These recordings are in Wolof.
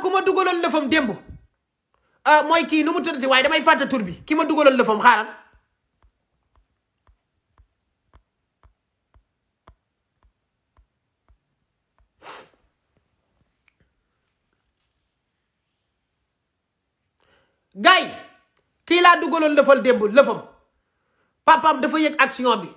na ku ma dugaloon lëfam démb ah, mooy kii nu mu tuddati waaye damay fàtte tur bi ki ma dugaloon lëfam xaaral gay kii laa dugaloon lëfal démb lëfam papaam dafa yëg action bi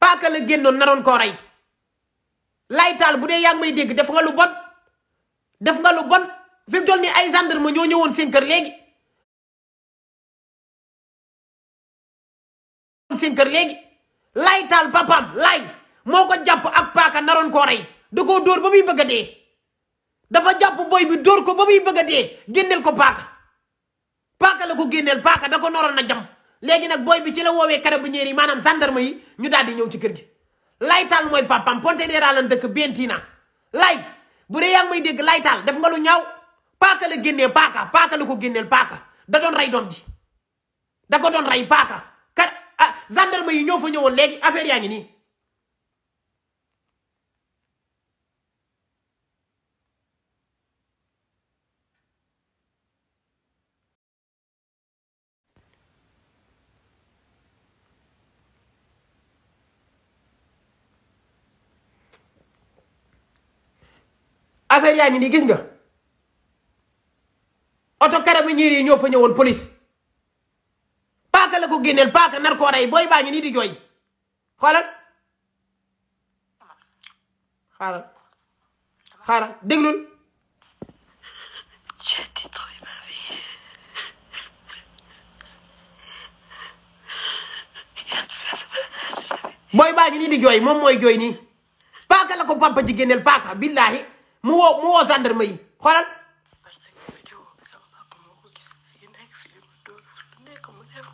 paaka la génnoon naroon koo rey laytaal bu dee yaa ngi may dégg def nga lu bon def nga lu bon fi mu toll nii ay gendarme ñoo ñëwoon seen kër léegi. seen kër léegi laay laay moo ko jàpp ak paaka naroon koo rey da koo dóor ba muy bëgg dafa jàpp boy bi dóor ko ba muy bëgg a dee génneel ko paaka paaka la ko génneel paaka da ko naroon na jam léegi nag boy bi ci la woowee carabinieri yi maanaam gendarme yi ñu daal di ñëw ci kër gi. laay mooy papaam Pontedera lan dëkk Bentina laay bu dee yaa ngi may dégg laay taal def nga lu ñaaw. paaka la génnee paaka paaka la ko génneel paaka da doon rey doom ji da ko doon rey paaka kat ah gendarme yi ñoo fa ñëwoon léegi affaire yaa ngi nii. affaire yaa ngi nii gis nga. oto carabinieri yi ñoo fa ñëwoon police paaka la ko génneel paaka nar koo rey booy nii di jooy xoolal xaaral xaaral déglul booy baa nii di jooy moom mooy jooy nii paaka la ko papa ji paaka billaahi mu woo mu woo gendarme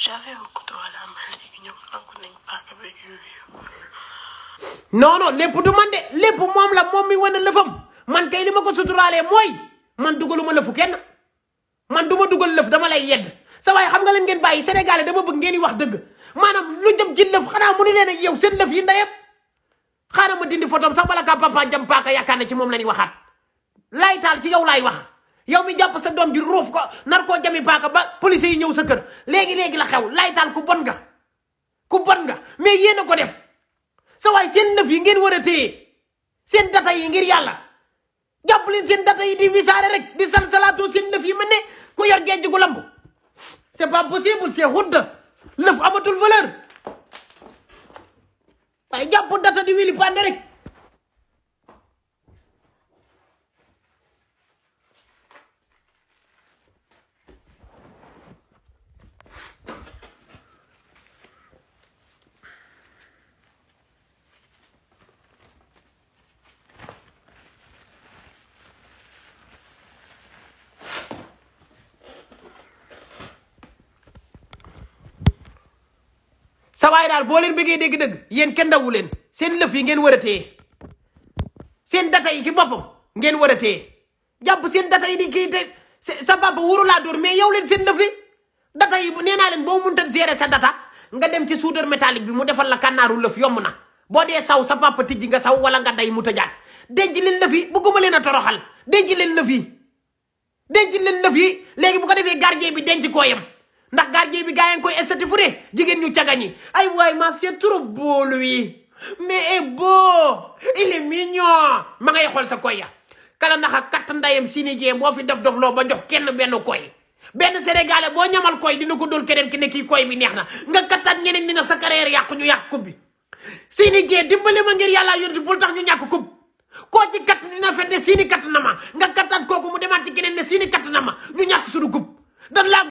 j'avais un couteau à la main léegi ñoom lépp du man de lépp moom la moom mi wane lëfam man kay li ma ko suturaalee mooy man dugaluma lëfu kenn man du ma dugal lëf dama lay yedd sa waaye xam nga leen ngeen bàyyi Sénégalais dama bëgg ngeen di wax dëgg maanaam lu jëm ci lëf xanaa mu ni leen ak yow seen lëf yi ndeyëpp xaaral ma dindi fotom sax bala kaa papa jam paaka yaakaar na ci moom la ñuy waxaat laay taal ci yow laay wax. yow mi jàpp sa doom ji ruuf ko nar koo jami paaka ba police yi ñëw sa kër léegi-léegi la xew laytaan ku bon nga ku bon nga mais yéen a ko def sa waay seen lëf yi ngeen war a téye seen data yi ngir yàlla jàpp leen seen data yi di wisaare rek di salsalaatoo seen lëf yi mel ne ku yor géej gu lamb c'est pas possible c'est xudda lëf amatul valeur waaye jàpp data di wili pande rek sa daal boo leen bëggee dégg dëgg yéen kenn dawu leen seen lëf yi ngeen war a seen data yi ci boppam ngeen war a téye jàpp seen data yi di kii te sa papa wóoru laa dóor mais yow leen seen lëf li data yi nee naa leen boo mënta gérer sa data nga dem ci soudeur bi mu defal la kannaaru lëf yomb na boo dee saw sa papa tijji nga saw wala nga day mu tëjaat denc leen lëf yi bëgguma leen a toroxal denc leen lëf yi denc leen lëf yi léegi bu ko defee gardien bi denc kooyam ndax gardien bi gaa yi ngi koy estati fu ne jigéen ñu cagañi ay waay ma c'est trop beau lui mais est beau il est mignon ma ngay xool sa koy ya kala a katt ndayam sini jee boo fi def dof loo ba jox kenn benn koy benn sénégalais boo ñamal koy dina ko dóol keneen ki ne koy bi neex na nga kattaat ñeneen ni na sa carrière yàqu ñu yàq kub bi sini jee dimbali ma ngir yàlla yónni bul tax ñu ñàkk kub koo ci katt dina fete siini katt na ma nga kattaat kooku mu demaat ci keneen ne siini katt na ñàkk suñu kub